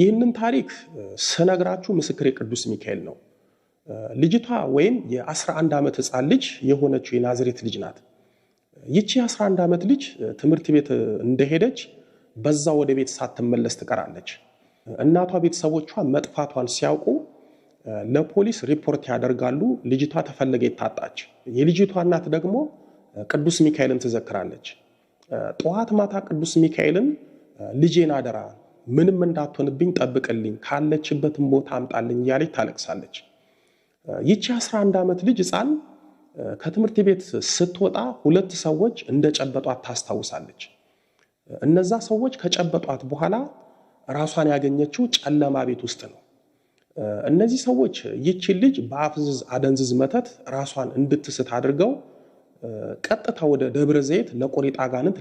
ይህንን ታሪክ ስነግራችሁ ምስክሬ ቅዱስ ሚካኤል ነው። ልጅቷ ወይም የ11 ዓመት ህፃን ልጅ የሆነችው የናዝሬት ልጅ ናት። ይቺ የ11 ዓመት ልጅ ትምህርት ቤት እንደሄደች በዛ ወደ ቤት ሳትመለስ ትቀራለች። እናቷ ቤተሰቦቿ መጥፋቷን ሲያውቁ ለፖሊስ ሪፖርት ያደርጋሉ። ልጅቷ ተፈለገ ታጣች። የልጅቷ እናት ደግሞ ቅዱስ ሚካኤልን ትዘክራለች። ጠዋት ማታ ቅዱስ ሚካኤልን ልጄን አደራ ምንም እንዳትሆንብኝ ጠብቅልኝ፣ ካለችበትም ቦታ አምጣልኝ እያለች ታለቅሳለች። ይቺ 11 ዓመት ልጅ ህፃን ከትምህርት ቤት ስትወጣ ሁለት ሰዎች እንደጨበጧት ታስታውሳለች። እነዛ ሰዎች ከጨበጧት በኋላ ራሷን ያገኘችው ጨለማ ቤት ውስጥ ነው። እነዚህ ሰዎች ይቺ ልጅ በአፍዝዝ አደንዝዝ መተት ራሷን እንድትስት አድርገው ቀጥታ ወደ ደብረ ዘይት ለቆሬጣ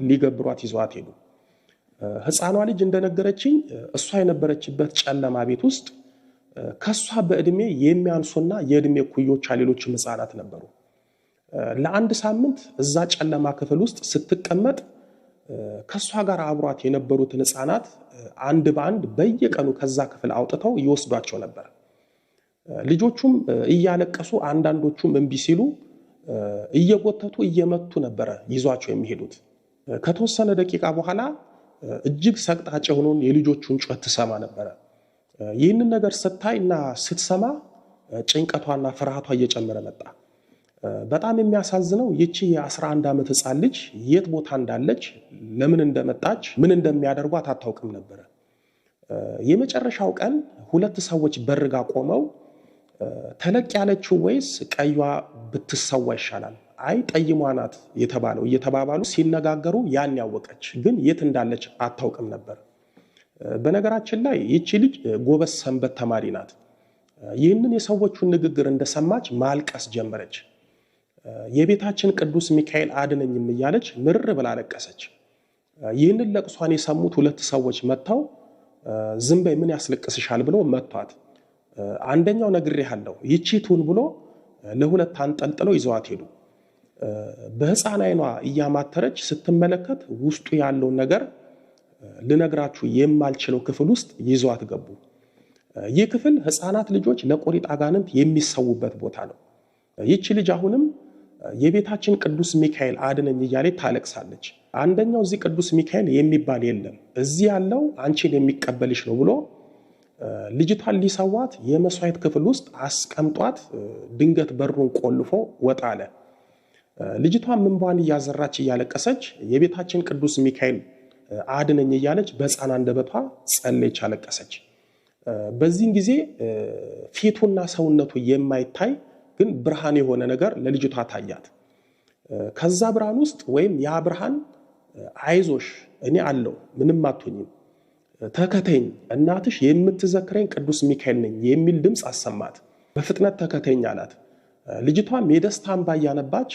ሊገብሯት ይዘዋት ሄዱ። ህፃኗ ልጅ እንደነገረችኝ እሷ የነበረችበት ጨለማ ቤት ውስጥ ከሷ በእድሜ የሚያንሱና የእድሜ ኩዮቿ ሌሎችም ህፃናት ነበሩ። ለአንድ ሳምንት እዛ ጨለማ ክፍል ውስጥ ስትቀመጥ ከእሷ ጋር አብሯት የነበሩትን ህፃናት አንድ በአንድ በየቀኑ ከዛ ክፍል አውጥተው ይወስዷቸው ነበር። ልጆቹም እያለቀሱ አንዳንዶቹም እምቢ ሲሉ እየጎተቱ እየመቱ ነበረ ይዟቸው የሚሄዱት። ከተወሰነ ደቂቃ በኋላ እጅግ ሰቅጣጭ የሆነውን የልጆቹን ጩኸት ትሰማ ነበረ። ይህንን ነገር ስታይ እና ስትሰማ ጭንቀቷና ፍርሃቷ እየጨመረ መጣ። በጣም የሚያሳዝነው ይቺ የ11 ዓመት ሕፃን ልጅ የት ቦታ እንዳለች፣ ለምን እንደመጣች፣ ምን እንደሚያደርጓት አታውቅም ነበረ። የመጨረሻው ቀን ሁለት ሰዎች በርጋ ቆመው ተለቅ ያለችው ወይስ ቀዩዋ ብትሰዋ ይሻላል አይ ጠይሟ ናት የተባለው እየተባባሉ ሲነጋገሩ ያን ያወቀች ግን የት እንዳለች አታውቅም ነበር። በነገራችን ላይ ይቺ ልጅ ጎበዝ ሰንበት ተማሪ ናት። ይህንን የሰዎቹን ንግግር እንደሰማች ማልቀስ ጀመረች። የቤታችን ቅዱስ ሚካኤል አድነኝም እያለች ምር ብላ ለቀሰች። ይህንን ለቅሷን የሰሙት ሁለት ሰዎች መጥተው ዝም በይ ምን ያስለቅስሻል ብሎ መቷት። አንደኛው ነግሬሃለሁ ይቺቱን ብሎ ለሁለት አንጠልጥለው ይዘዋት ሄዱ። በህፃን አይኗ እያማተረች ስትመለከት ውስጡ ያለውን ነገር ልነግራችሁ የማልችለው ክፍል ውስጥ ይዟት ገቡ። ይህ ክፍል ህፃናት ልጆች ለቆሪጥ አጋንንት የሚሰዉበት ቦታ ነው። ይቺ ልጅ አሁንም የቤታችን ቅዱስ ሚካኤል አድነኝ እያሌ ታለቅሳለች። አንደኛው እዚህ ቅዱስ ሚካኤል የሚባል የለም፣ እዚህ ያለው አንቺን የሚቀበልሽ ነው ብሎ ልጅቷን ሊሰዋት የመስዋዕት ክፍል ውስጥ አስቀምጧት ድንገት በሩን ቆልፎ ወጣ አለ። ልጅቷ ምንባን እያዘራች እያለቀሰች የቤታችን ቅዱስ ሚካኤል አድነኝ እያለች በሕፃን አንደበቷ ጸለች፣ አለቀሰች። በዚህን ጊዜ ፊቱና ሰውነቱ የማይታይ ግን ብርሃን የሆነ ነገር ለልጅቷ ታያት። ከዛ ብርሃን ውስጥ ወይም ያ ብርሃን አይዞሽ፣ እኔ አለው፣ ምንም አትሆኝም፣ ተከተኝ፣ እናትሽ የምትዘክረኝ ቅዱስ ሚካኤል ነኝ የሚል ድምፅ አሰማት። በፍጥነት ተከተኝ አላት። ልጅቷም የደስታ እንባ እያነባች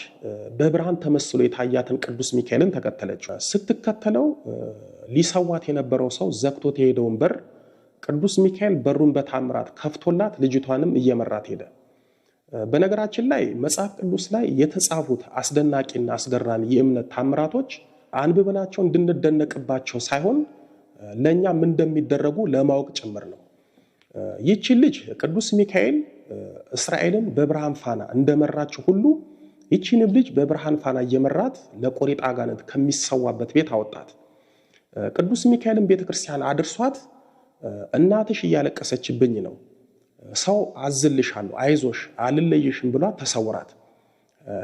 በብርሃን ተመስሎ የታያትን ቅዱስ ሚካኤልን ተከተለች። ስትከተለው ሊሰዋት የነበረው ሰው ዘግቶት የሄደውን በር ቅዱስ ሚካኤል በሩን በታምራት ከፍቶላት ልጅቷንም እየመራት ሄደ። በነገራችን ላይ መጽሐፍ ቅዱስ ላይ የተጻፉት አስደናቂና አስገራሚ የእምነት ታምራቶች አንብበናቸው እንድንደነቅባቸው ሳይሆን ለእኛም እንደሚደረጉ ለማወቅ ጭምር ነው። ይቺ ልጅ ቅዱስ ሚካኤል እስራኤልን በብርሃን ፋና እንደመራችው ሁሉ ይቺንም ልጅ በብርሃን ፋና እየመራት ለቆሬጣ ጋነት ከሚሰዋበት ቤት አወጣት። ቅዱስ ሚካኤልን ቤተክርስቲያን አድርሷት እናትሽ እያለቀሰችብኝ ነው፣ ሰው አዝልሻለሁ፣ አይዞሽ፣ አልለይሽም ብሏት ተሰውራት።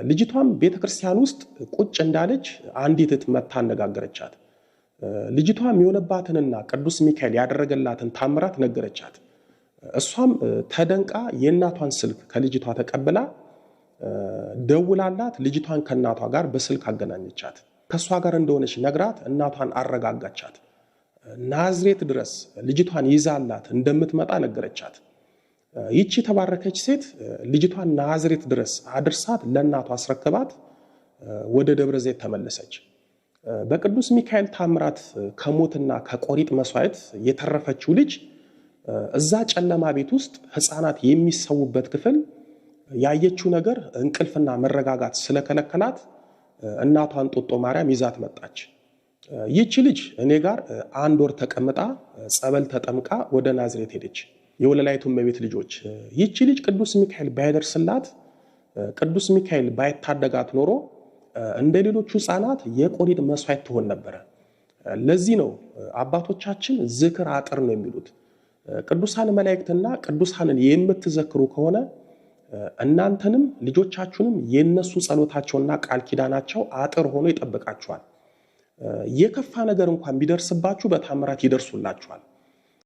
ልጅቷም ቤተክርስቲያን ውስጥ ቁጭ እንዳለች አንዲት እህት መታ አነጋገረቻት። ልጅቷም የሆነባትንና ቅዱስ ሚካኤል ያደረገላትን ታምራት ነገረቻት። እሷም ተደንቃ የእናቷን ስልክ ከልጅቷ ተቀብላ ደውላላት ልጅቷን ከእናቷ ጋር በስልክ አገናኘቻት። ከእሷ ጋር እንደሆነች ነግራት እናቷን አረጋጋቻት። ናዝሬት ድረስ ልጅቷን ይዛላት እንደምትመጣ ነገረቻት። ይቺ የተባረከች ሴት ልጅቷን ናዝሬት ድረስ አድርሳት ለእናቷ አስረክባት ወደ ደብረ ዘይት ተመለሰች። በቅዱስ ሚካኤል ታምራት ከሞትና ከቆሪጥ መስዋዕት የተረፈችው ልጅ እዛ ጨለማ ቤት ውስጥ ህፃናት የሚሰዉበት ክፍል ያየችው ነገር እንቅልፍና መረጋጋት ስለከለከላት እናቷ እንጦጦ ማርያም ይዛት መጣች። ይቺ ልጅ እኔ ጋር አንድ ወር ተቀምጣ ጸበል ተጠምቃ ወደ ናዝሬት ሄደች። የወለላይቱ እመቤት ልጆች ይቺ ልጅ ቅዱስ ሚካኤል ባይደርስላት፣ ቅዱስ ሚካኤል ባይታደጋት ኖሮ እንደ ሌሎቹ ህፃናት የቆሪድ መስዋዕት ትሆን ነበረ። ለዚህ ነው አባቶቻችን ዝክር አጥር ነው የሚሉት። ቅዱሳን መላእክትና ቅዱሳንን የምትዘክሩ ከሆነ እናንተንም ልጆቻችሁንም የነሱ ጸሎታቸውና ቃል ኪዳናቸው አጥር ሆኖ ይጠብቃችኋል። የከፋ ነገር እንኳን ቢደርስባችሁ በታምራት ይደርሱላችኋል።